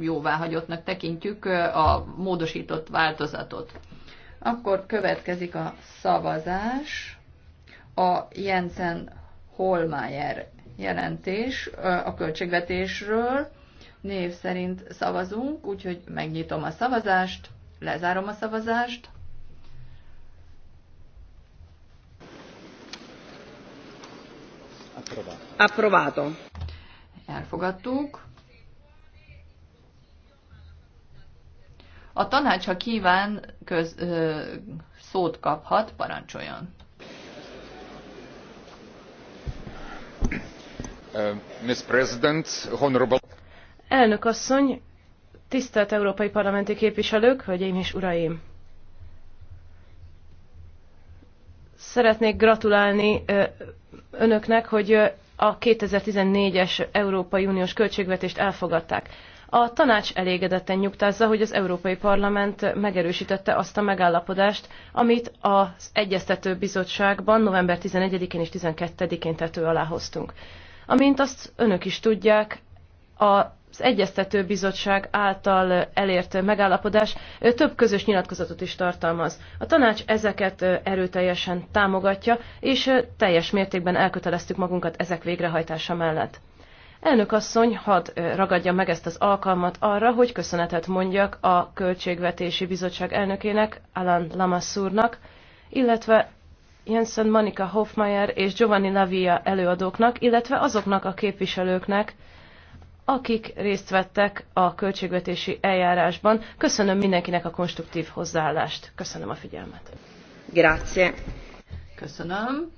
jóváhagyottnak tekintjük a módosított változatot. Akkor következik a szavazás, a Jensen Holmeyer jelentés a költségvetésről. Név szerint szavazunk, úgyhogy megnyitom a szavazást, lezárom a szavazást. Approvato. Elfogadtuk. A tanács, ha kíván, köz, ö, szót kaphat, parancsoljon. Uh, President, honorable... Elnök asszony, tisztelt európai parlamenti képviselők, hölgyeim és uraim! Szeretnék gratulálni önöknek, hogy a 2014-es Európai Uniós költségvetést elfogadták. A tanács elégedetten nyugtázza, hogy az Európai Parlament megerősítette azt a megállapodást, amit az Egyeztető Bizottságban november 11-én és 12-én tető alá hoztunk. Amint azt önök is tudják, az Egyeztető Bizottság által elért megállapodás több közös nyilatkozatot is tartalmaz. A tanács ezeket erőteljesen támogatja, és teljes mértékben elköteleztük magunkat ezek végrehajtása mellett. Elnök asszony, hadd ragadja meg ezt az alkalmat arra, hogy köszönetet mondjak a Költségvetési Bizottság elnökének, Alan Lamassurnak, illetve Jensen Monika Hofmeyer és Giovanni Lavia előadóknak, illetve azoknak a képviselőknek, akik részt vettek a költségvetési eljárásban. Köszönöm mindenkinek a konstruktív hozzáállást. Köszönöm a figyelmet. Grazie. Köszönöm.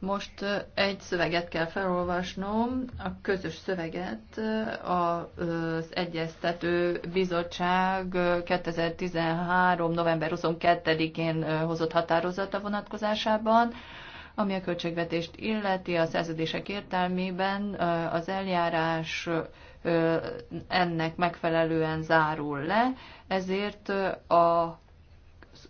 Most egy szöveget kell felolvasnom, a közös szöveget az Egyeztető Bizottság 2013. november 22-én hozott határozata vonatkozásában, ami a költségvetést illeti a szerződések értelmében az eljárás ennek megfelelően zárul le, ezért a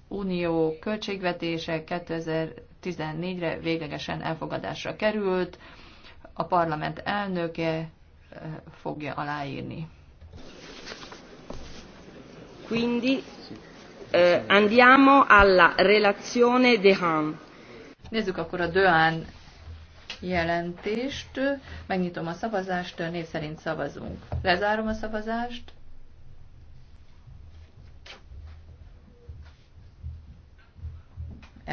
Unió költségvetése 2000 2014-re véglegesen elfogadásra került, a parlament elnöke eh, fogja aláírni. Quindi eh, andiamo alla relazione de Han. Nézzük akkor a Döán jelentést. Megnyitom a szavazást, név szerint szavazunk. Lezárom a szavazást.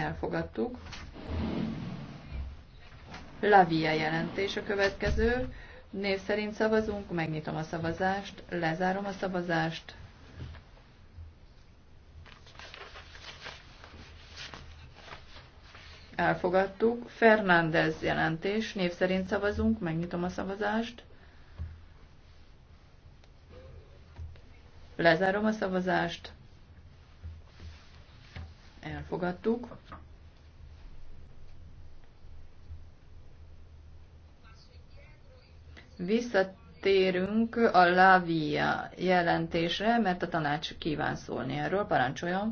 elfogadtuk. Lavia jelentés a következő. Név szerint szavazunk, megnyitom a szavazást, lezárom a szavazást. Elfogadtuk. Fernández jelentés, név szerint szavazunk, megnyitom a szavazást. Lezárom a szavazást elfogadtuk. Visszatérünk a Lavia jelentésre, mert a tanács kíván szólni erről. Parancsoljon!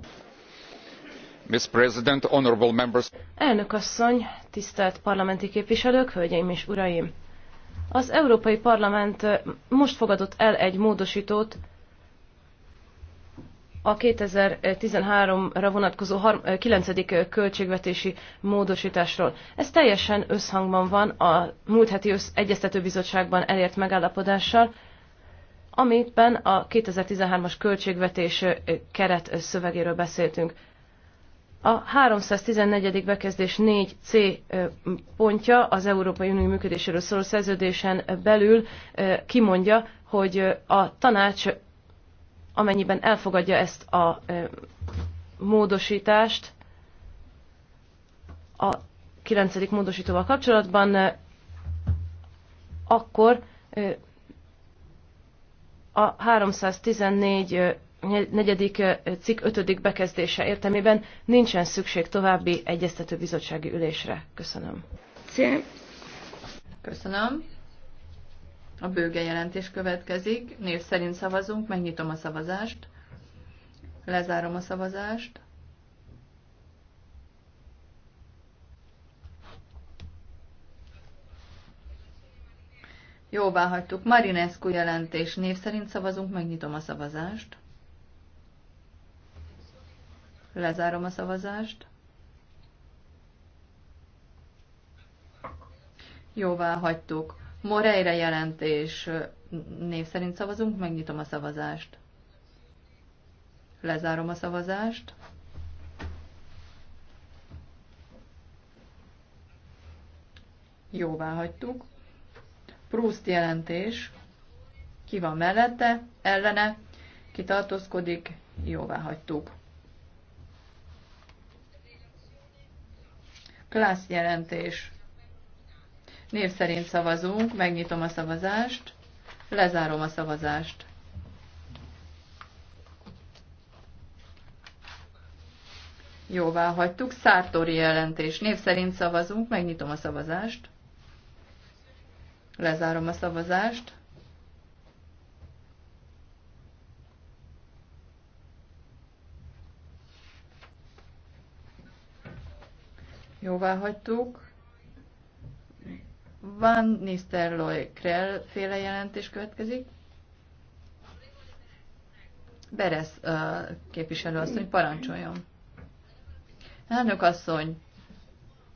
Ms. President, honorable members. Elnök asszony, tisztelt parlamenti képviselők, hölgyeim és uraim! Az Európai Parlament most fogadott el egy módosítót, a 2013-ra vonatkozó 9. költségvetési módosításról. Ez teljesen összhangban van a múlt heti össz egyeztetőbizottságban elért megállapodással, amiben a 2013-as költségvetés keret szövegéről beszéltünk. A 314. bekezdés 4C pontja az Európai Unió működéséről szóló szerződésen belül kimondja, hogy a tanács amennyiben elfogadja ezt a módosítást a 9. módosítóval kapcsolatban, akkor a 314 negyedik cikk ötödik bekezdése értelmében nincsen szükség további egyeztető bizottsági ülésre. Köszönöm. Köszönöm. A bőge jelentés következik. Név szerint szavazunk, megnyitom a szavazást. Lezárom a szavazást. Jóvá hagytuk. Marinescu jelentés. Név szerint szavazunk, megnyitom a szavazást. Lezárom a szavazást. Jóvá hagytuk. Moreira jelentés név szerint szavazunk, megnyitom a szavazást. Lezárom a szavazást. Jóvá hagytuk. Proust jelentés. Ki van mellette, ellene, ki tartózkodik, jóvá hagytuk. Klász jelentés. Név szerint szavazunk, megnyitom a szavazást, lezárom a szavazást. Jóvá hagytuk. Szártori jelentés. Név szerint szavazunk. Megnyitom a szavazást. Lezárom a szavazást. Jóvá hagytuk. Van Nisterloy Krell féle jelentés következik. Beres képviselő asszony parancsoljon. Elnök asszony,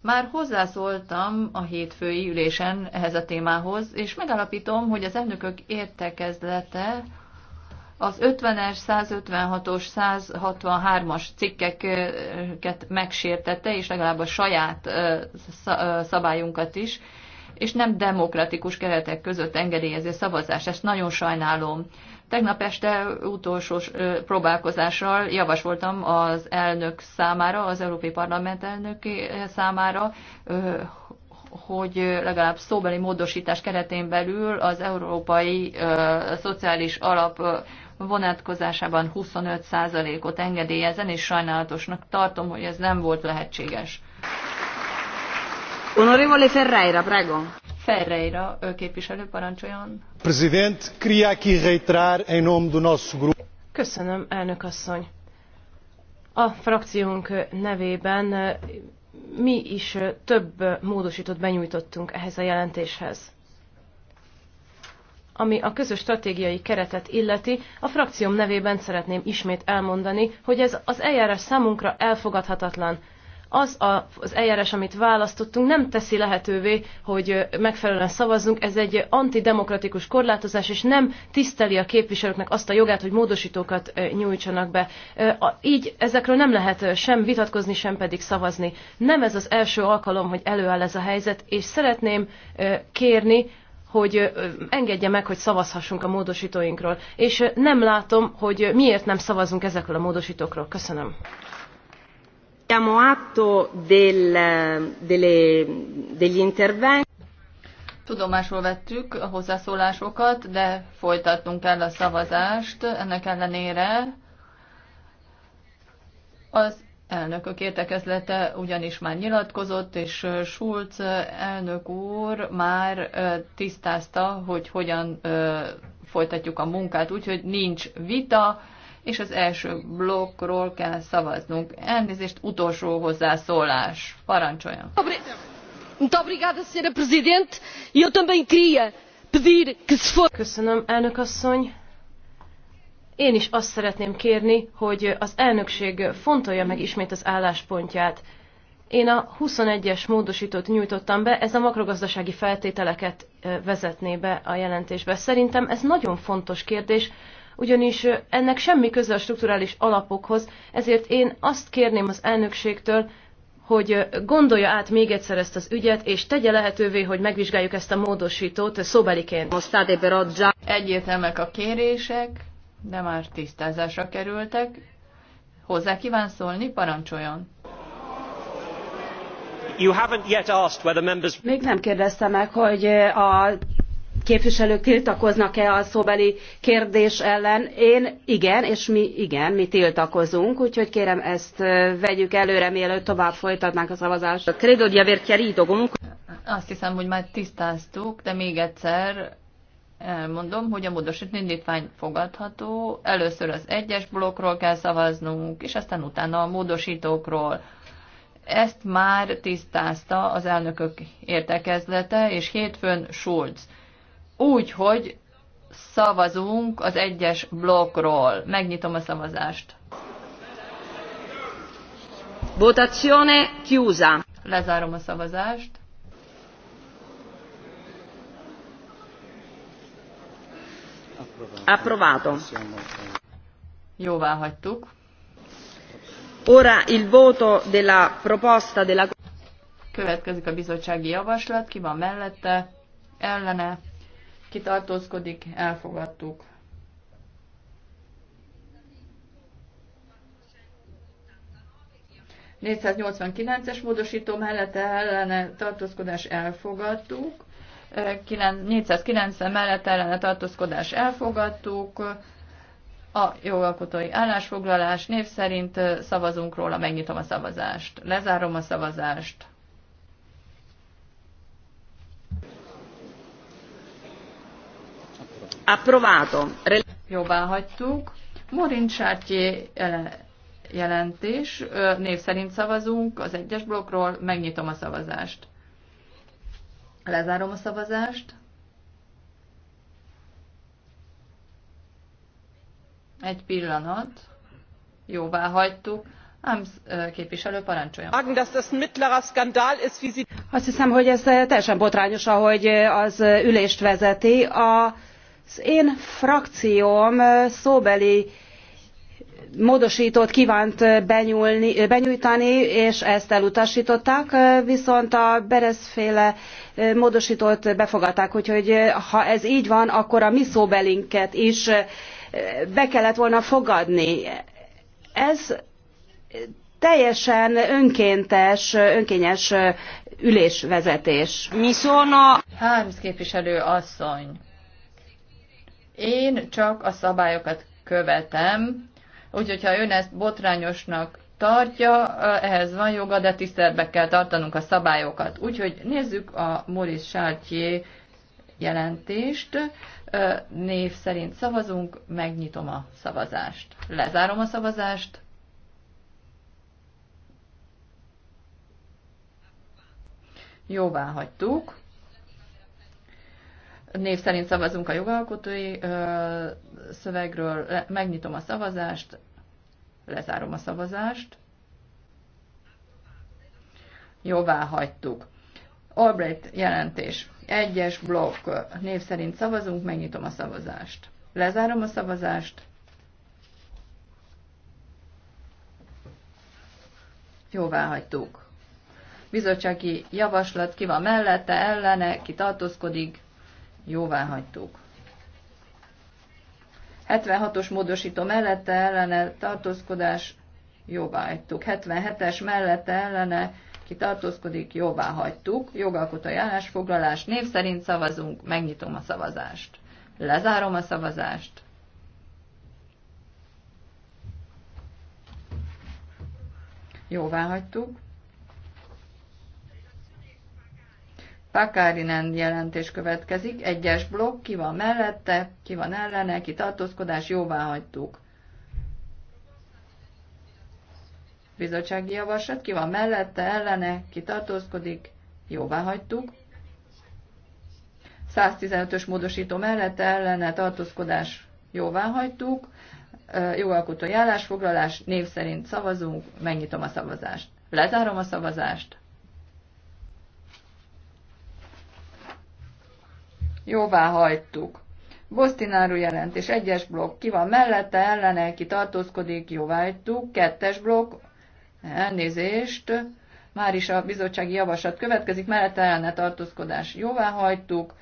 már hozzászóltam a hétfői ülésen ehhez a témához, és megalapítom, hogy az elnökök értekezlete az 50-es, 156-os, 163-as cikkeket megsértette, és legalább a saját szabályunkat is, és nem demokratikus keretek között engedélyezi a szavazást. Ezt nagyon sajnálom. Tegnap este utolsó próbálkozással javasoltam az elnök számára, az Európai Parlament elnöki számára, hogy legalább szóbeli módosítás keretén belül az európai szociális alap vonatkozásában 25%-ot engedélyezen, és sajnálatosnak tartom, hogy ez nem volt lehetséges. Onorevole Ferreira, prego. Ferreira, ő képviselő, parancsoljon. Presidente, queria aqui reiterar em nome do nosso grupo. Köszönöm, elnök asszony. A frakciónk nevében mi is több módosítót benyújtottunk ehhez a jelentéshez. Ami a közös stratégiai keretet illeti, a frakcióm nevében szeretném ismét elmondani, hogy ez az eljárás számunkra elfogadhatatlan, az a, az eljárás, amit választottunk, nem teszi lehetővé, hogy megfelelően szavazzunk. Ez egy antidemokratikus korlátozás, és nem tiszteli a képviselőknek azt a jogát, hogy módosítókat nyújtsanak be. Így ezekről nem lehet sem vitatkozni, sem pedig szavazni. Nem ez az első alkalom, hogy előáll ez a helyzet, és szeretném kérni, hogy engedje meg, hogy szavazhassunk a módosítóinkról. És nem látom, hogy miért nem szavazunk ezekről a módosítókról. Köszönöm. Diamo atto del, delle, degli interventi. Tudomásul vettük a hozzászólásokat, de folytatnunk kell a szavazást. Ennek ellenére az elnökök értekezlete ugyanis már nyilatkozott, és Schulz elnök úr már tisztázta, hogy hogyan folytatjuk a munkát, úgyhogy nincs vita, és az első blokkról kell szavaznunk. Elnézést, utolsó hozzászólás. Parancsoljon. E Köszönöm, elnök asszony. Én is azt szeretném kérni, hogy az elnökség fontolja meg ismét az álláspontját. Én a 21-es módosítót nyújtottam be, ez a makrogazdasági feltételeket vezetné be a jelentésbe. Szerintem ez nagyon fontos kérdés, ugyanis ennek semmi köze a strukturális alapokhoz, ezért én azt kérném az elnökségtől, hogy gondolja át még egyszer ezt az ügyet, és tegye lehetővé, hogy megvizsgáljuk ezt a módosítót szóbeliként. Egyértelműek a kérések, de már tisztázásra kerültek. Hozzá kíván szólni, parancsoljon! You haven't yet asked whether members... Még nem kérdezte meg, hogy a képviselők tiltakoznak-e a szóbeli kérdés ellen. Én igen, és mi igen, mi tiltakozunk, úgyhogy kérem ezt vegyük előre, mielőtt tovább folytatnánk a szavazást. Credo di aver chiarito comunque. Azt hiszem, hogy már tisztáztuk, de még egyszer elmondom, hogy a módosító indítvány fogadható. Először az egyes blokkról kell szavaznunk, és aztán utána a módosítókról. Ezt már tisztázta az elnökök értekezlete, és hétfőn Schulz úgy, hogy szavazunk az egyes blokkról. Megnyitom a szavazást. Votazione chiusa. Lezárom a szavazást. Approvato. Jóvá hagytuk. Ora il voto della proposta della Következik a bizottsági javaslat, ki van mellette, ellene, kitartózkodik, elfogadtuk. ...489-es módosító mellett ellene tartózkodás elfogadtuk, 490 mellett ellene tartózkodás elfogadtuk, a jogalkotói állásfoglalás név szerint szavazunk róla, megnyitom a szavazást, lezárom a szavazást. approvato. Jobbá hagytuk. Morin Sártyé eh, jelentés. Név szerint szavazunk az egyes blokkról. Megnyitom a szavazást. Lezárom a szavazást. Egy pillanat. Jóvá hagytuk. Ámsz eh, képviselő parancsolja. Azt hiszem, hogy ez eh, teljesen botrányos, ahogy az ülést vezeti. A az én frakcióm szóbeli módosítót kívánt benyúlni, benyújtani, és ezt elutasították, viszont a Berezféle módosítót befogadták, úgyhogy ha ez így van, akkor a mi szóbelinket is be kellett volna fogadni. Ez teljesen önkéntes, önkényes ülésvezetés. Mi szóna? Harms képviselő asszony. Én csak a szabályokat követem, úgyhogy ha ön ezt botrányosnak tartja, eh, ehhez van joga, de tiszteletbe kell tartanunk a szabályokat. Úgyhogy nézzük a Maurice Chartier jelentést. Eh, név szerint szavazunk, megnyitom a szavazást. Lezárom a szavazást. Jóvá hagytuk. Név szerint szavazunk a jogalkotói szövegről, megnyitom a szavazást, lezárom a szavazást. Jóvá hagytuk. Albright jelentés. Egyes blokk. Név szerint szavazunk, megnyitom a szavazást. Lezárom a szavazást. Jóvá hagytuk. Bizottsági javaslat ki van mellette, ellene, ki tartózkodik, Jóvá hagytuk. 76-os módosító mellette ellene tartózkodás jóvá hagytuk. 77-es mellette ellene ki tartózkodik, jóvá hagytuk. Jogalkotói állásfoglalás név szerint szavazunk, megnyitom a szavazást. Lezárom a szavazást. Jóvá hagytuk. Pakárinen jelentés következik, egyes blokk, ki van mellette, ki van ellene, ki tartózkodás, jóvá hagytuk. Bizottsági javaslat, ki van mellette, ellene, ki tartózkodik, jóvá hagytuk. 115-ös módosító mellette, ellene, tartózkodás, jóvá hagytuk. Jogalkotói állásfoglalás, név szerint szavazunk, megnyitom a szavazást. Lezárom a szavazást. Jóvá hagytuk. Bosztináru jelentés, egyes blokk, ki van mellette, ellene, ki tartózkodik, jóvá hagytuk. Kettes blokk, elnézést, már is a bizottsági javaslat következik, mellette ellene tartózkodás, jóvá hagytuk.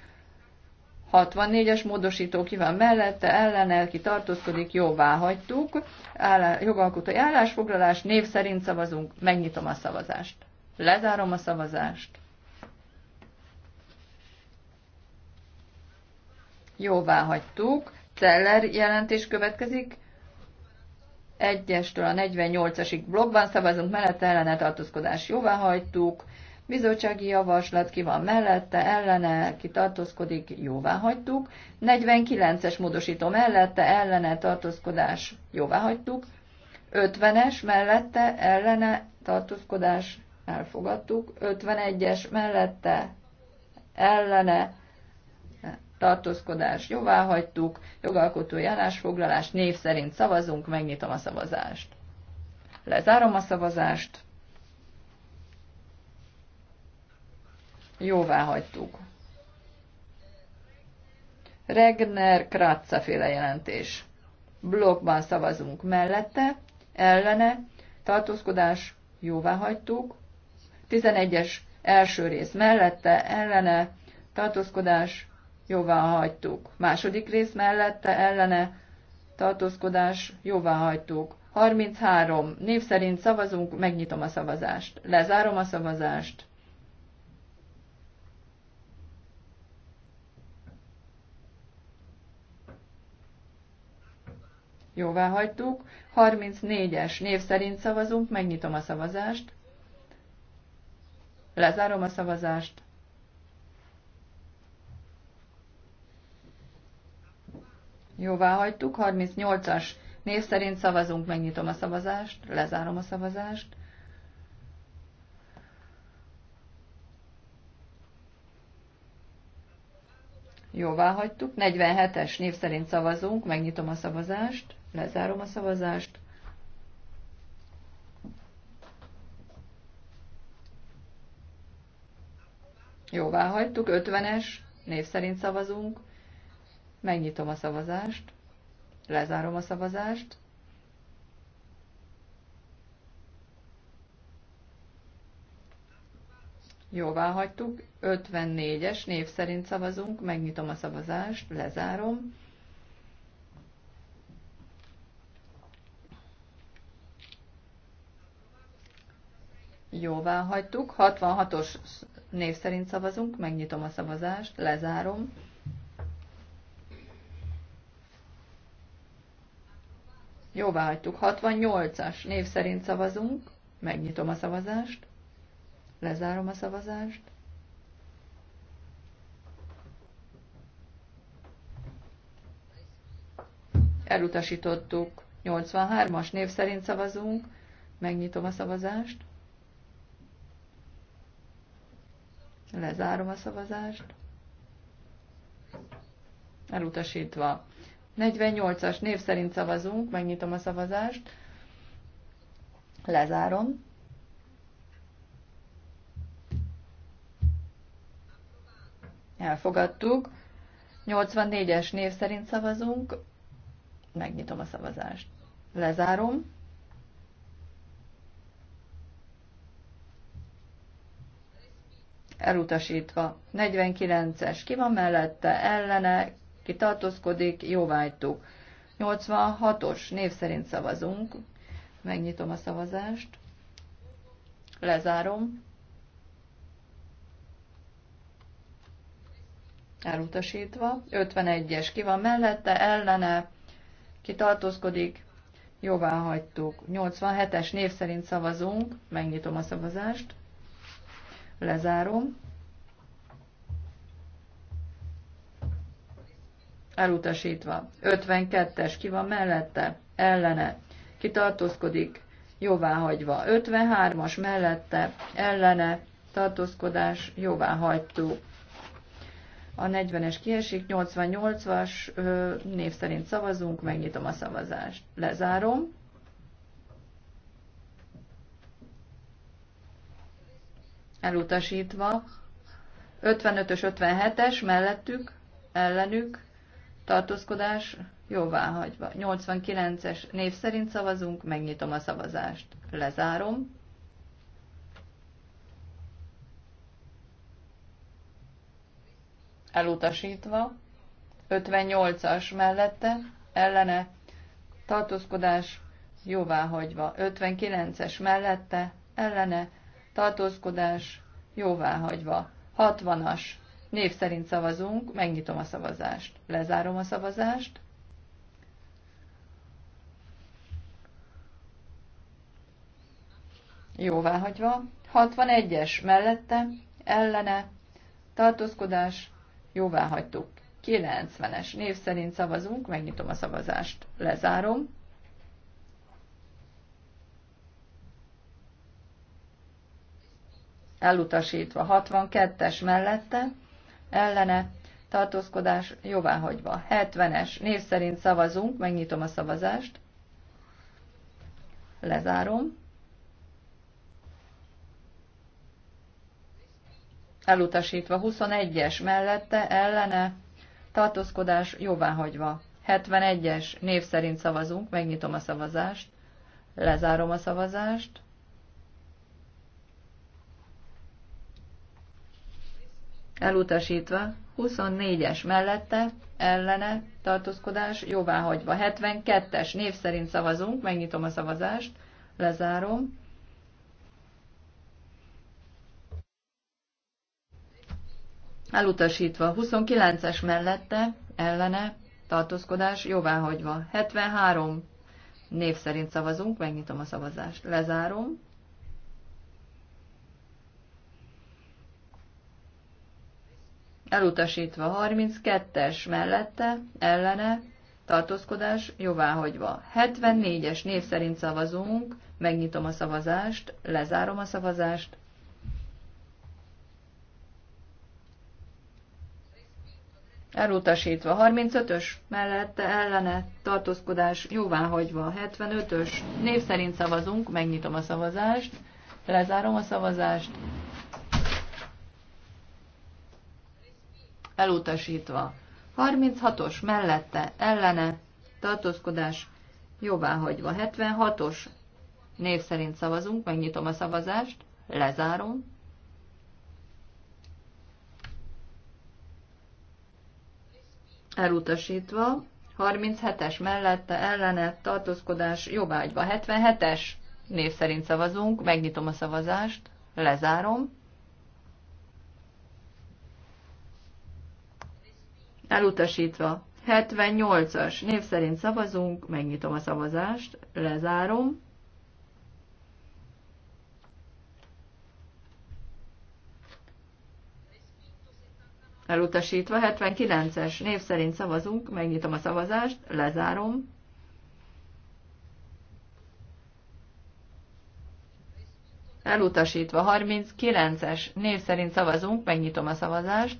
64-es módosító ki van mellette, ellene, ki tartózkodik, jóvá hagytuk. Állá, jogalkotói állásfoglalás, név szerint szavazunk, megnyitom a szavazást. Lezárom a szavazást. Jóvá hagytuk. Celler jelentés következik. 1-től a 48-asig blogban szavazunk, mellette ellene tartózkodás jóvá hagytuk. Bizottsági javaslat ki van mellette, ellene, ki tartózkodik, jóvá hagytuk. 49-es módosító mellette, ellene, tartózkodás, jóvá hagytuk. 50-es mellette, ellene, tartózkodás, elfogadtuk. 51-es mellette, ellene, tartózkodás, jóvá hagytuk, jogalkotói állásfoglalás, név szerint szavazunk, megnyitom a szavazást. Lezárom a szavazást. Jóvá hagytuk. Regner Kratza féle jelentés. Blokkban szavazunk mellette, ellene, tartózkodás, jóvá hagytuk. 11-es első rész mellette, ellene, tartózkodás, jóvá hagytuk. Második rész mellette ellene tartózkodás, jóvá hagytuk. 33. Név szerint szavazunk, megnyitom a szavazást. Lezárom a szavazást. Jóvá hagytuk. 34-es név szerint szavazunk, megnyitom a szavazást. Lezárom a szavazást. Jóvá hagytuk. 38-as név szerint szavazunk, megnyitom a szavazást, lezárom a szavazást. Jóvá hagytuk. 47-es név szerint szavazunk, megnyitom a szavazást, lezárom a szavazást. Jóvá hagytuk. 50-es név szerint szavazunk, Megnyitom a szavazást, lezárom a szavazást, Jóvá hagytuk, 54-es név szerint szavazunk, megnyitom a szavazást, lezárom. Jóvá hagytuk, 66-os név szerint szavazunk, megnyitom a szavazást, lezárom. Jóvá hagytuk. 68-as név szerint szavazunk. Megnyitom a szavazást. Lezárom a szavazást. Elutasítottuk. 83-as név szerint szavazunk. Megnyitom a szavazást. Lezárom a szavazást. Elutasítva. 48-as név szerint szavazunk, megnyitom a szavazást, lezárom. Elfogadtuk. 84-es név szerint szavazunk, megnyitom a szavazást. Lezárom. Elutasítva. 49-es ki van mellette, ellene, ki tartózkodik, jóvágytuk. 86-os név szerint szavazunk. Megnyitom a szavazást. Lezárom. Elutasítva. 51-es ki van mellette, ellene, ki tartózkodik, jóvá hagytuk. 87-es név szerint szavazunk. Megnyitom a szavazást. Lezárom. elutasítva. 52-es ki van mellette, ellene, kitartózkodik, jóváhagyva. 53-as mellette, ellene, tartózkodás, jóváhagytó. A 40-es kiesik, 88-as név szerint szavazunk, megnyitom a szavazást. Lezárom. Elutasítva. 55-ös, 57-es mellettük, ellenük, tartózkodás jóváhagyva. 89-es név szerint szavazunk, megnyitom a szavazást, lezárom. Elutasítva. 58-as mellette, ellene, tartózkodás jóváhagyva. 59-es mellette, ellene, tartózkodás jóváhagyva. 60-as Név szerint szavazunk, megnyitom a szavazást. Lezárom a szavazást. Jóváhagyva. 61-es mellette, ellene, tartózkodás, jóváhagytuk. 90-es név szerint szavazunk, megnyitom a szavazást. Lezárom. Elutasítva 62-es mellette, ellene, tartózkodás jóváhagyva. 70-es név szerint szavazunk, megnyitom a szavazást, lezárom, elutasítva 21-es mellette, ellene, tartózkodás jóváhagyva. 71-es név szerint szavazunk, megnyitom a szavazást, lezárom a szavazást, elutasítva, 24-es mellette, ellene, tartózkodás, jóváhagyva. 72-es név szerint szavazunk, megnyitom a szavazást, lezárom. Elutasítva, 29-es mellette, ellene, tartózkodás, jóváhagyva. 73 név szerint szavazunk, megnyitom a szavazást, lezárom. elutasítva 32-es mellette, ellene, tartózkodás jóváhagyva. 74-es név szerint szavazunk, megnyitom a szavazást, lezárom a szavazást. Elutasítva 35-ös, mellette ellene, tartózkodás jóváhagyva. 75-ös, név szerint szavazunk, megnyitom a szavazást, lezárom a szavazást. elutasítva. 36-os mellette, ellene, tartózkodás, jóváhagyva. 76-os név szerint szavazunk, megnyitom a szavazást, lezárom. Elutasítva, 37-es mellette, ellene, tartózkodás, jobbágyva. 77-es név szerint szavazunk, megnyitom a szavazást, lezárom. elutasítva. 78-as név szerint szavazunk, megnyitom a szavazást, lezárom. Elutasítva 79-es név szerint szavazunk, megnyitom a szavazást, lezárom. Elutasítva 39-es név szerint szavazunk, megnyitom a szavazást.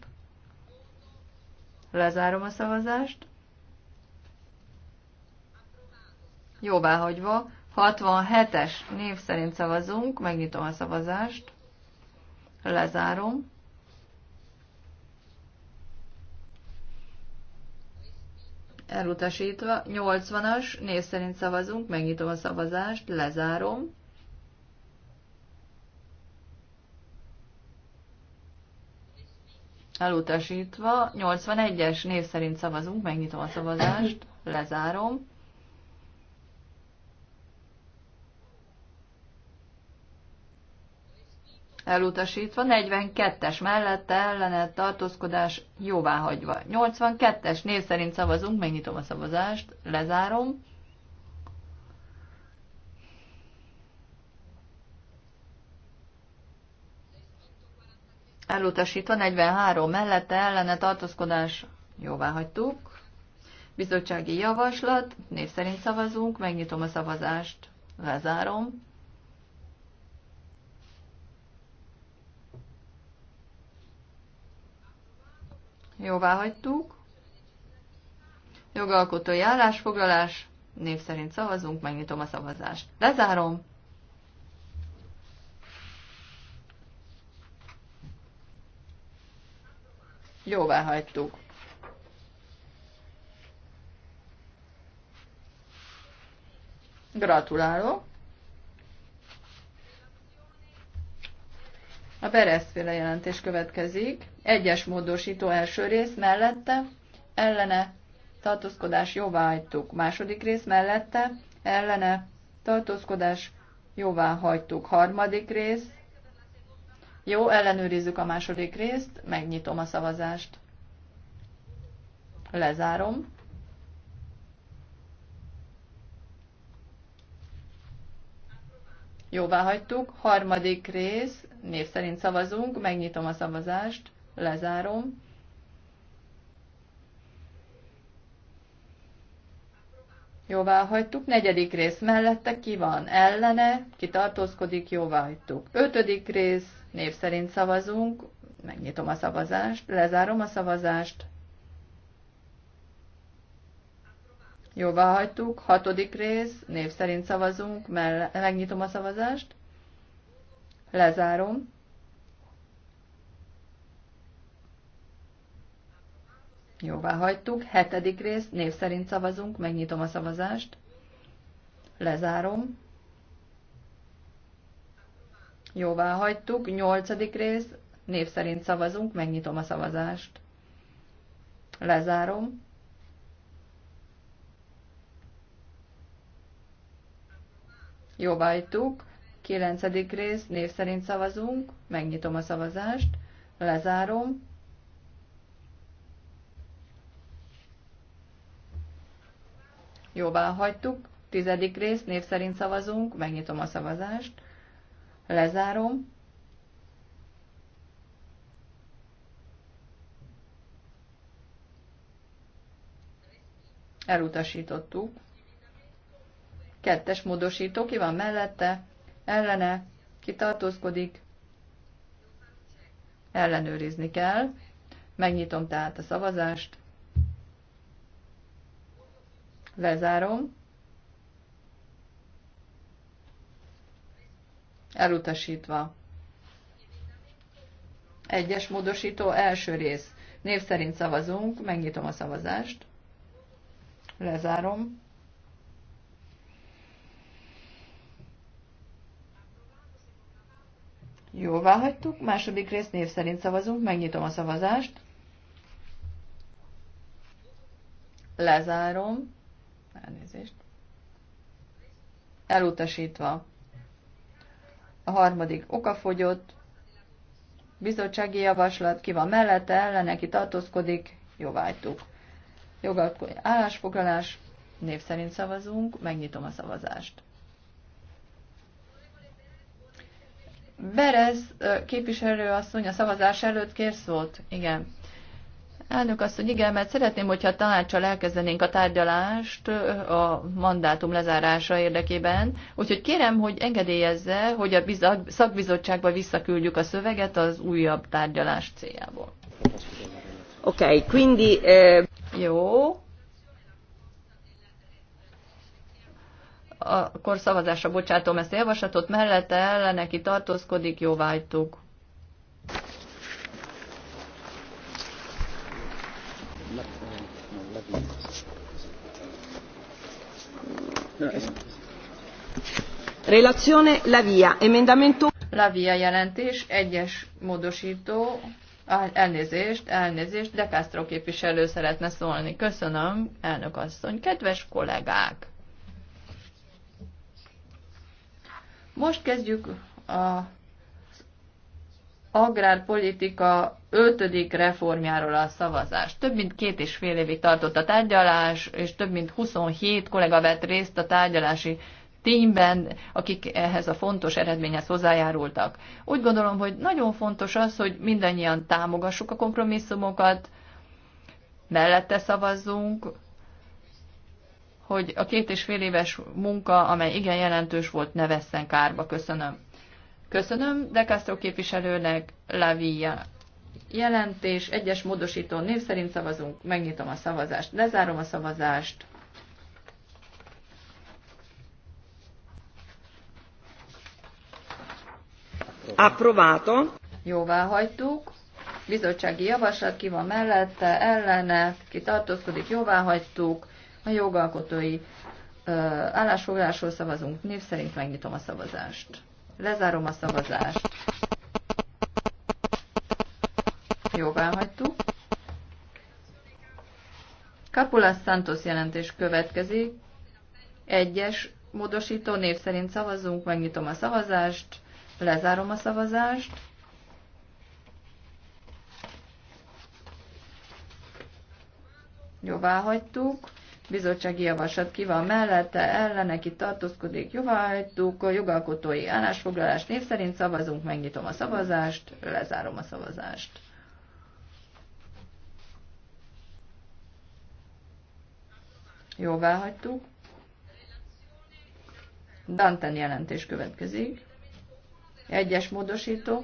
Lezárom a szavazást. Jóváhagyva. 67-es név szerint szavazunk. Megnyitom a szavazást. Lezárom. Elutasítva. 80-as név szerint szavazunk. Megnyitom a szavazást. Lezárom. elutasítva. 81-es név szerint szavazunk, megnyitom a szavazást, lezárom. Elutasítva, 42-es mellette ellene tartózkodás jóváhagyva. 82-es név szerint szavazunk, megnyitom a szavazást, lezárom. elutasítva, 43 mellette ellene tartózkodás jóvá hagytuk. Bizottsági javaslat, név szerint szavazunk, megnyitom a szavazást, lezárom. Jóvá hagytuk. Jogalkotói állásfoglalás, név szerint szavazunk, megnyitom a szavazást. Lezárom. Jóvá hagytuk. Gratulálok! A Bereszféle jelentés következik. Egyes módosító első rész mellette, ellene, tartózkodás hagytuk. Második rész mellette, ellene, tartózkodás hagytuk. Harmadik rész jó, ellenőrizzük a második részt, megnyitom a szavazást. Lezárom. Jóvá hagytuk. Harmadik rész, név szerint szavazunk, megnyitom a szavazást, lezárom. Jóvá hagytuk. Negyedik rész mellette ki van? Ellene, kitartózkodik, jóvá hagytuk. Ötödik rész Név szerint szavazunk. Megnyitom a szavazást, lezárom a szavazást. Jóvá hagytuk. Hatodik rész, név szerint szavazunk, mell- megnyitom a szavazást. Lezárom. Jóvá hagytuk. Hetedik rész, név szerint szavazunk, megnyitom a szavazást. Lezárom. Jóvá hagytuk. Nyolcadik rész. Név szerint szavazunk. Megnyitom a szavazást. Lezárom. Jóvá hagytuk. Kilencedik rész. Név szerint szavazunk. Megnyitom a szavazást. Lezárom. Jóvá hagytuk. Tizedik rész, név szerint szavazunk, megnyitom a szavazást. Lezárom. Elutasítottuk. Kettes módosító, ki van mellette, ellene, ki tartózkodik, ellenőrizni kell. Megnyitom tehát a szavazást. Lezárom. Elutasítva. Egyes módosító első rész. Név szerint szavazunk, megnyitom a szavazást. Lezárom. Jóvá hagytuk. Második rész név szerint szavazunk. Megnyitom a szavazást. Lezárom. Elnézést. Elutasítva a harmadik okafogyott, bizottsági javaslat, ki van mellette, ellene, ki tartózkodik, jóvágytuk. Jogalkotói állásfoglalás, név szerint szavazunk, megnyitom a szavazást. Berez képviselőasszony a szavazás előtt kér szót. Igen. Elnök azt, hogy igen, mert szeretném, hogyha a tanácssal elkezdenénk a tárgyalást a mandátum lezárása érdekében, úgyhogy kérem, hogy engedélyezze, hogy a szakbizottságba visszaküldjük a szöveget az újabb tárgyalás céljából. Oké, okay, quindi... Eh... Jó. Akkor szavazásra bocsátom ezt a javaslatot, mellette ellene ki tartózkodik, jóvágytuk. Relazione La Via, emendamento... La Via jelentés, egyes módosító, elnézést, elnézést, de Castro képviselő szeretne szólni. Köszönöm, elnök asszony, kedves kollégák! Most kezdjük a agrárpolitika ötödik reformjáról a szavazás. Több mint két és fél évig tartott a tárgyalás, és több mint 27 kollega vett részt a tárgyalási tényben, akik ehhez a fontos eredményhez hozzájárultak. Úgy gondolom, hogy nagyon fontos az, hogy mindannyian támogassuk a kompromisszumokat, mellette szavazzunk, hogy a két és fél éves munka, amely igen jelentős volt, ne vesszen kárba. Köszönöm. Köszönöm De Castro képviselőnek, Lavia jelentés, egyes módosító név szerint szavazunk, megnyitom a szavazást, lezárom a szavazást. Approvato. Jóvá hagytuk. Bizottsági javaslat ki van mellette, ellene, ki tartózkodik, jóvá hagytuk. A jogalkotói ö, állásfoglalásról szavazunk, név szerint megnyitom a szavazást. Lezárom a szavazást. Jóvá hagytuk. Kapulas Santos jelentés következik. Egyes módosító név szerint szavazunk, megnyitom a szavazást, lezárom a szavazást. Jóvá hagytuk bizottsági javaslat ki van mellette, ellene ki tartózkodik, jóváhagytuk, a jogalkotói állásfoglalás név szerint szavazunk, megnyitom a szavazást, lezárom a szavazást. Jóvá hagytuk. Danten jelentés következik. Egyes módosító.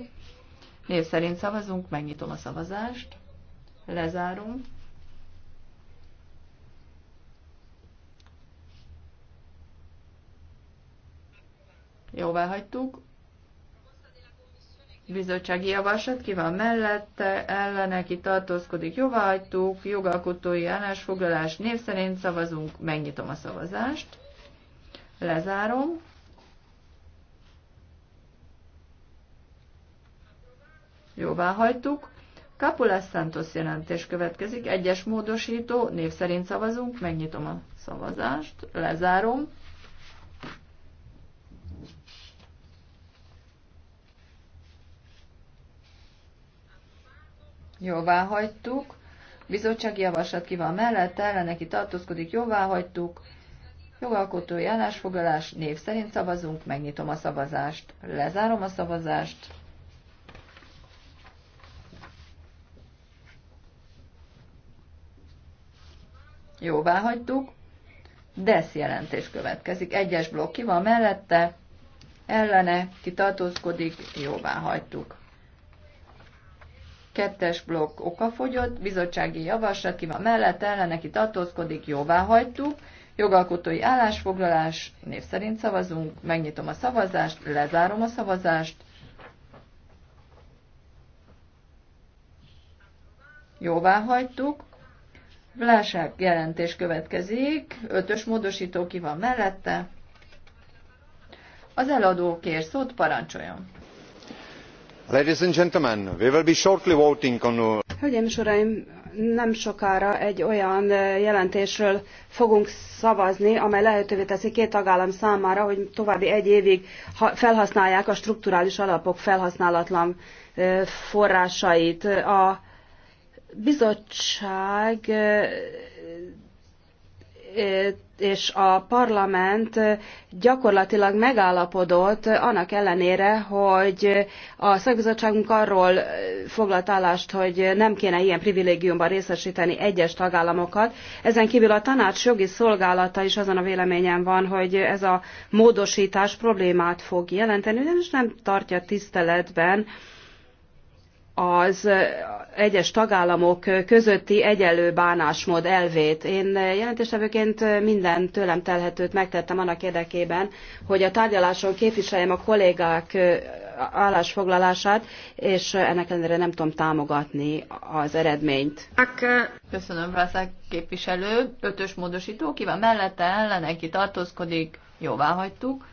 Név szerint szavazunk, megnyitom a szavazást. Lezárom. Jóvá hagytuk. Bizottsági javaslat ki van mellette, ellene ki tartózkodik, jóvá hagytuk. Jogalkotói állásfoglalás név szerint szavazunk, megnyitom a szavazást. Lezárom. Jóvá hagytuk. Capulás Santos jelentés következik. Egyes módosító, név szerint szavazunk, megnyitom a szavazást, lezárom. Jóvá hagytuk. Bizottsági javaslat ki van mellette, elleneki ki tartózkodik, jóvá hagytuk. Jogalkotói állásfoglalás név szerint szavazunk, megnyitom a szavazást, lezárom a szavazást. Jóvá hagytuk. DESZ jelentés következik. Egyes blokk ki van mellette, ellene, ki tartózkodik, jóvá hagytuk kettes blokk okafogyott, bizottsági javaslat ki van mellett, ellene ki tartózkodik, jóvá hagytuk, jogalkotói állásfoglalás, név szerint szavazunk, megnyitom a szavazást, lezárom a szavazást, jóvá hagytuk, Vlásák jelentés következik, ötös módosító ki van mellette, az eladó kér szót, parancsoljon! Hölgyeim és uraim, nem sokára egy olyan jelentésről fogunk szavazni, amely lehetővé teszi két tagállam számára, hogy további egy évig felhasználják a strukturális alapok felhasználatlan forrásait. A bizottság és a parlament gyakorlatilag megállapodott annak ellenére, hogy a szakbizottságunk arról foglalt állást, hogy nem kéne ilyen privilégiumban részesíteni egyes tagállamokat. Ezen kívül a tanács jogi szolgálata is azon a véleményen van, hogy ez a módosítás problémát fog jelenteni, ugyanis nem tartja tiszteletben az egyes tagállamok közötti egyenlő bánásmód elvét. Én jelentéstevőként minden tőlem telhetőt megtettem annak érdekében, hogy a tárgyaláson képviseljem a kollégák állásfoglalását, és ennek ellenére nem tudom támogatni az eredményt. Köszönöm, Vászák képviselő. Ötös módosító, ki van mellette, ellene, ki tartózkodik, jóvá hagytuk.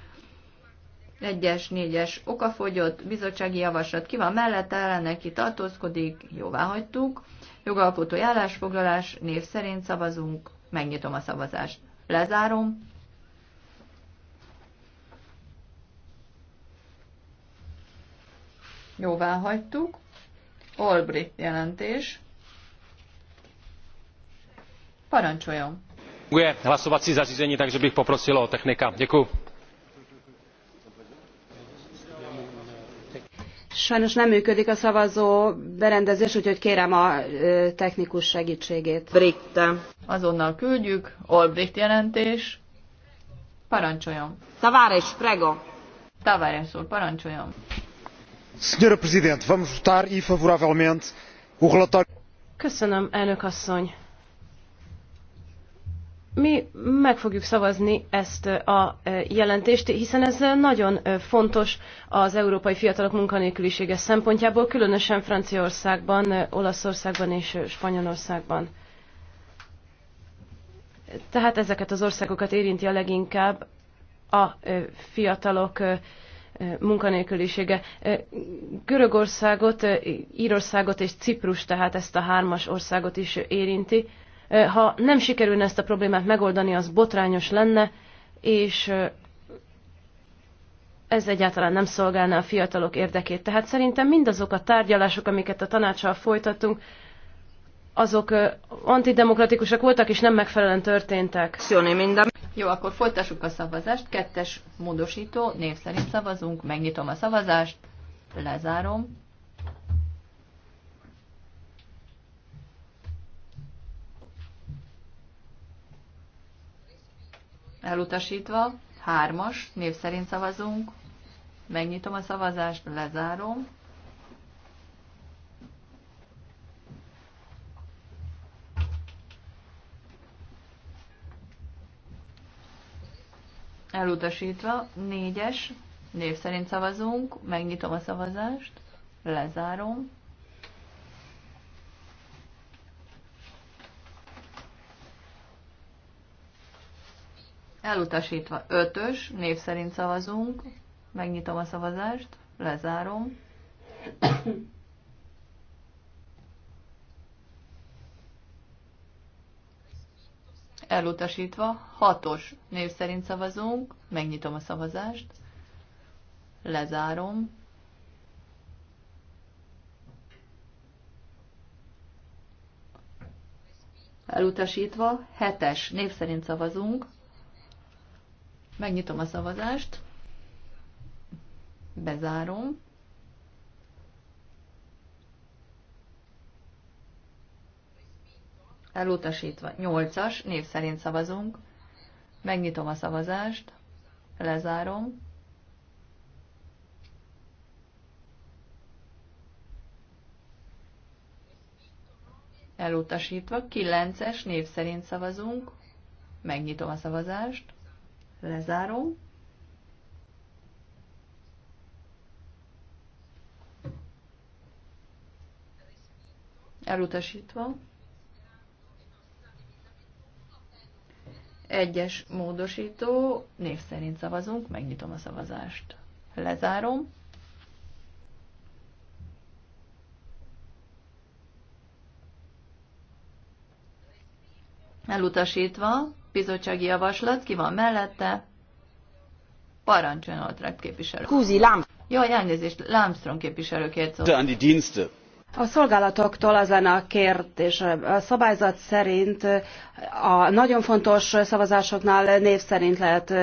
1-es, 4-es okafogyott, bizottsági javaslat ki van mellette, ellene ki tartózkodik, jóvá hagytuk. Jogalkotói állásfoglalás, név szerint szavazunk, megnyitom a szavazást. Lezárom. Jóvá hagytuk. Olbri jelentés. Parancsoljon. Ugye, Hlasovací zařízení, takže bych poprosil o technika. Děkuji. Sajnos nem működik a szavazó berendezés, úgyhogy kérem a technikus segítségét. Britta. Azonnal küldjük. Olbricht jelentés. Parancsoljon. Tavares, prego. Tavares úr, parancsoljon. Senhora Presidente, vamos votar e favoravelmente o relatório. Köszönöm, elnök asszony. Mi meg fogjuk szavazni ezt a jelentést, hiszen ez nagyon fontos az európai fiatalok munkanélkülisége szempontjából, különösen Franciaországban, Olaszországban és Spanyolországban. Tehát ezeket az országokat érinti a leginkább a fiatalok munkanélkülisége. Görögországot, Írországot és Ciprus, tehát ezt a hármas országot is érinti ha nem sikerülne ezt a problémát megoldani, az botrányos lenne, és ez egyáltalán nem szolgálna a fiatalok érdekét. Tehát szerintem mindazok a tárgyalások, amiket a tanácssal folytattunk, azok antidemokratikusak voltak, és nem megfelelően történtek. Jó, akkor folytassuk a szavazást. Kettes módosító, név szerint szavazunk, megnyitom a szavazást, lezárom. elutasítva, hármas, név szerint szavazunk, megnyitom a szavazást, lezárom, elutasítva, négyes, név szerint szavazunk, megnyitom a szavazást, lezárom, Elutasítva. Ötös, név szerint szavazunk. Megnyitom a szavazást, lezárom. Elutasítva. Hatos, név szerint szavazunk. Megnyitom a szavazást, lezárom. Elutasítva. Hetes, név szerint szavazunk. Megnyitom a szavazást. Bezárom. Elutasítva. 8-as, név szerint szavazunk. Megnyitom a szavazást. Lezárom. Elutasítva. 9-es, név szerint szavazunk. Megnyitom a szavazást. Lezárom. Elutasítva. Egyes módosító, név szerint szavazunk, megnyitom a szavazást. Lezárom. Elutasítva bizottsági javaslat, ki van mellette? Parancsoljon Oltrák képviselő. Kúzi Lám. Jaj, elnézést, képviselő képviselőkért szó. An die Dienste. A szolgálatoktól az lenne a kérdés. A szabályzat szerint a nagyon fontos szavazásoknál név szerint lehet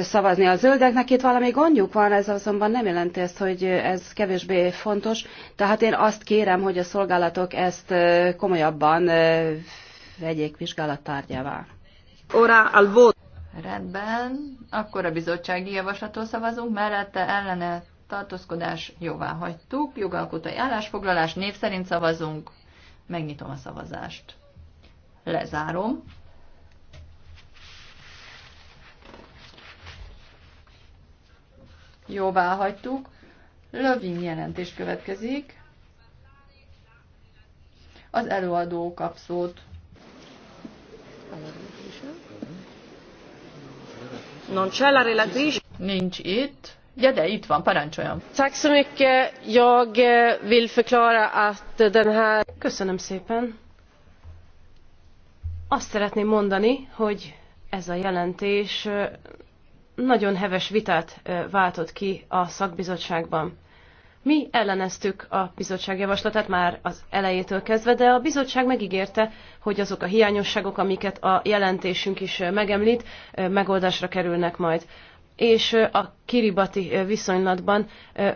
szavazni a zöldeknek. Itt valami gondjuk van, ez azonban nem jelenti ezt, hogy ez kevésbé fontos. Tehát én azt kérem, hogy a szolgálatok ezt komolyabban vegyék vizsgálattárgyává ora al voto. Rendben, akkor a bizottsági javaslatról szavazunk, mellette ellene tartózkodás jóvá hagytuk, jogalkotói állásfoglalás, név szerint szavazunk, megnyitom a szavazást. Lezárom. Jóvá hagytuk. Lövin jelentés következik. Az előadó kap szót. Köszönöm. Non c'è la relatrice. Nincs itt. Ja, de itt van, parancsoljon. Tack så mycket. Jag eh, vill förklara att den här... Köszönöm szépen. Azt szeretném mondani, hogy ez a jelentés eh, nagyon heves vitát eh, váltott ki a szakbizottságban. Mi elleneztük a bizottság javaslatát már az elejétől kezdve, de a bizottság megígérte, hogy azok a hiányosságok, amiket a jelentésünk is megemlít, megoldásra kerülnek majd. És a kiribati viszonylatban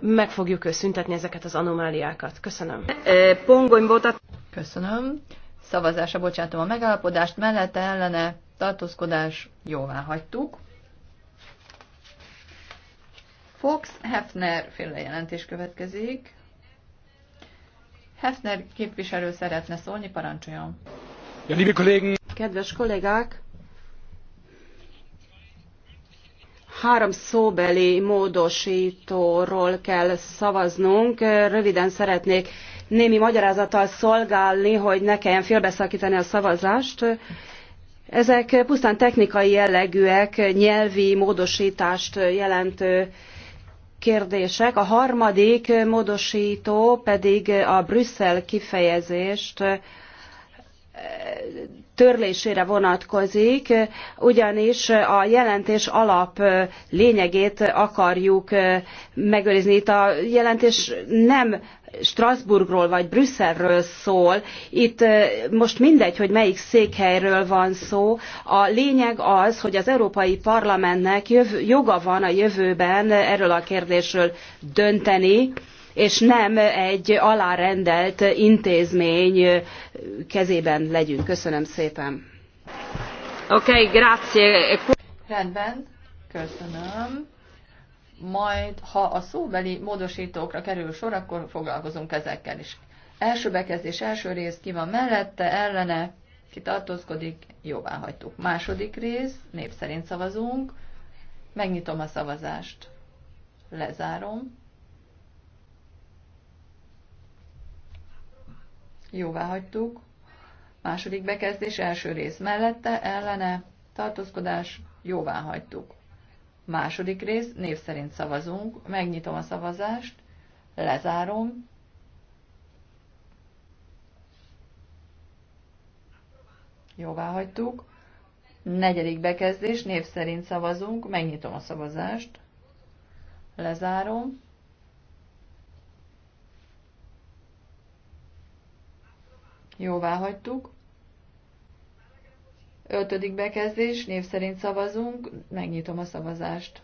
meg fogjuk szüntetni ezeket az anomáliákat. Köszönöm. Köszönöm. Szavazásra bocsátom a megállapodást, mellette ellene tartózkodás jóvá hagytuk. Fox Hefner féle jelentés következik. Hefner képviselő szeretne szólni, parancsoljon. Ja, liebe Kollegen. Kedves kollégák! Három szóbeli módosítóról kell szavaznunk. Röviden szeretnék némi magyarázattal szolgálni, hogy ne kelljen félbeszakítani a szavazást. Ezek pusztán technikai jellegűek, nyelvi módosítást jelentő kérdések, a harmadik módosító pedig a Brüsszel kifejezést eh, törlésére vonatkozik, ugyanis a jelentés alap eh, lényegét akarjuk eh, megőrizni. Itt a jelentés nem Strasbourgról vagy Brüsszelről szól. Itt most mindegy, hogy melyik székhelyről van szó. A lényeg az, hogy az Európai Parlamentnek jövő, joga van a jövőben erről a kérdésről dönteni, és nem egy alárendelt intézmény kezében legyünk. Köszönöm szépen. Oké, okay, grazie. Rendben, köszönöm majd ha a szóbeli módosítókra kerül sor, akkor foglalkozunk ezekkel is. Első bekezdés, első rész ki van mellette, ellene, ki tartózkodik, jóvá hagytuk. Második rész, nép szerint szavazunk, megnyitom a szavazást, lezárom, jóvá hagytuk. Második bekezdés, első rész mellette, ellene, tartózkodás, jóvá hagytuk. Második rész, név szerint szavazunk, megnyitom a szavazást, lezárom, jóvá hagytuk. Negyedik bekezdés, név szerint szavazunk, megnyitom a szavazást, lezárom. Jóvá hagytuk. Ötödik bekezdés, név szerint szavazunk, megnyitom a szavazást.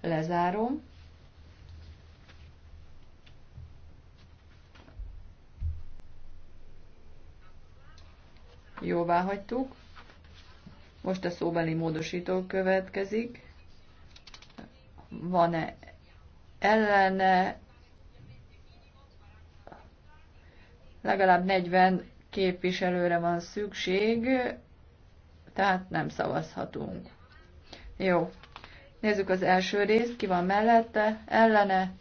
Lezárom. Jóvá hagytuk. Most a szóbeli módosító következik. Van-e ellene legalább 40 képviselőre van szükség, tehát nem szavazhatunk. Jó. Nézzük az első részt, ki van mellette, ellene,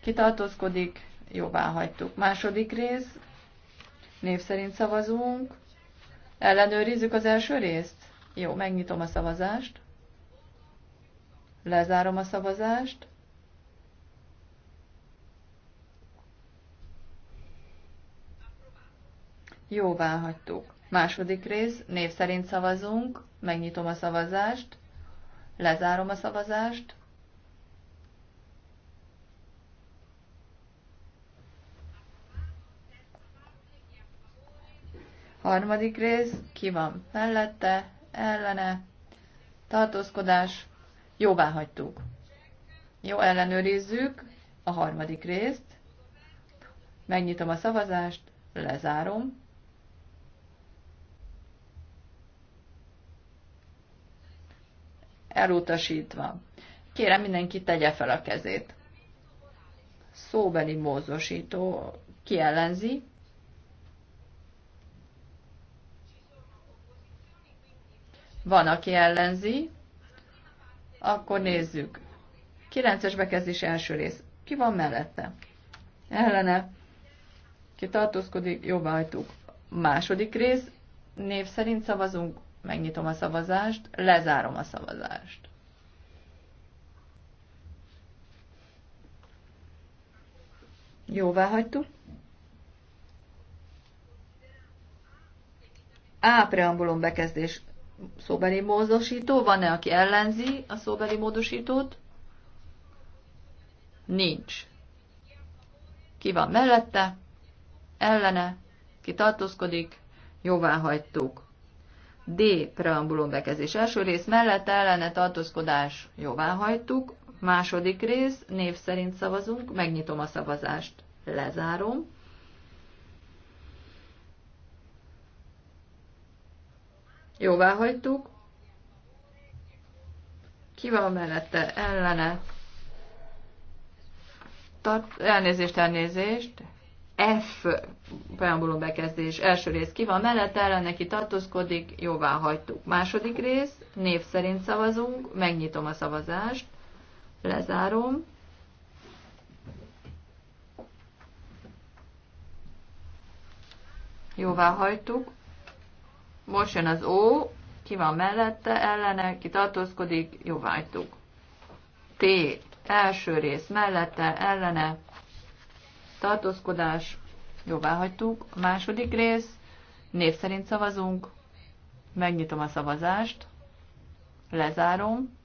kitartózkodik, jóvá hagytuk. Második rész, név szerint szavazunk, ellenőrizzük az első részt. Jó, megnyitom a szavazást, lezárom a szavazást, jóvá hagytuk. Második rész, név szerint szavazunk, megnyitom a szavazást, lezárom a szavazást, Harmadik rész, ki van mellette, ellene, tartózkodás, jóvá hagytuk. Jó, ellenőrizzük a harmadik részt, megnyitom a szavazást, lezárom, elutasítva. Kérem mindenki tegye fel a kezét. Szóbeli mózosító ki Van, aki ellenzi. Akkor nézzük. 9-es bekezdés első rész. Ki van mellette? Ellene. Ki tartózkodik, Jobb ajtuk. Második rész. Név szerint szavazunk. Megnyitom a szavazást, lezárom a szavazást. Jóvá hagytuk. A preambulum bekezdés szóbeli módosító. Van-e, aki ellenzi a szóbeli módosítót? Nincs. Ki van mellette? Ellene? Ki tartózkodik? Jóvá hagytuk. D. Preambulum bekezdés első rész mellett ellene tartózkodás jóvá hagytuk. Második rész, név szerint szavazunk, megnyitom a szavazást, lezárom. Jóvá hagytuk. Ki van mellette ellene? Tart, elnézést, elnézést. F preambulum bekezdés első rész ki van mellette, ellen neki tartózkodik, jóvá hagytuk. Második rész, név szerint szavazunk, megnyitom a szavazást, lezárom. Jóvá hagytuk. Most jön az O, ki van mellette, ellene, ki tartózkodik, jóvá hagytuk. T, első rész mellette, ellene, tartózkodás, jóvá hagytuk. A második rész, név szerint szavazunk, megnyitom a szavazást, lezárom.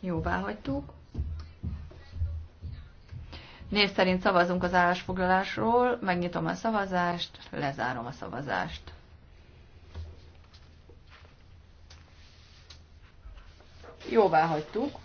Jóvá hagytuk. Név szerint szavazunk az állásfoglalásról, megnyitom a szavazást, lezárom a szavazást. jóvá hagytuk.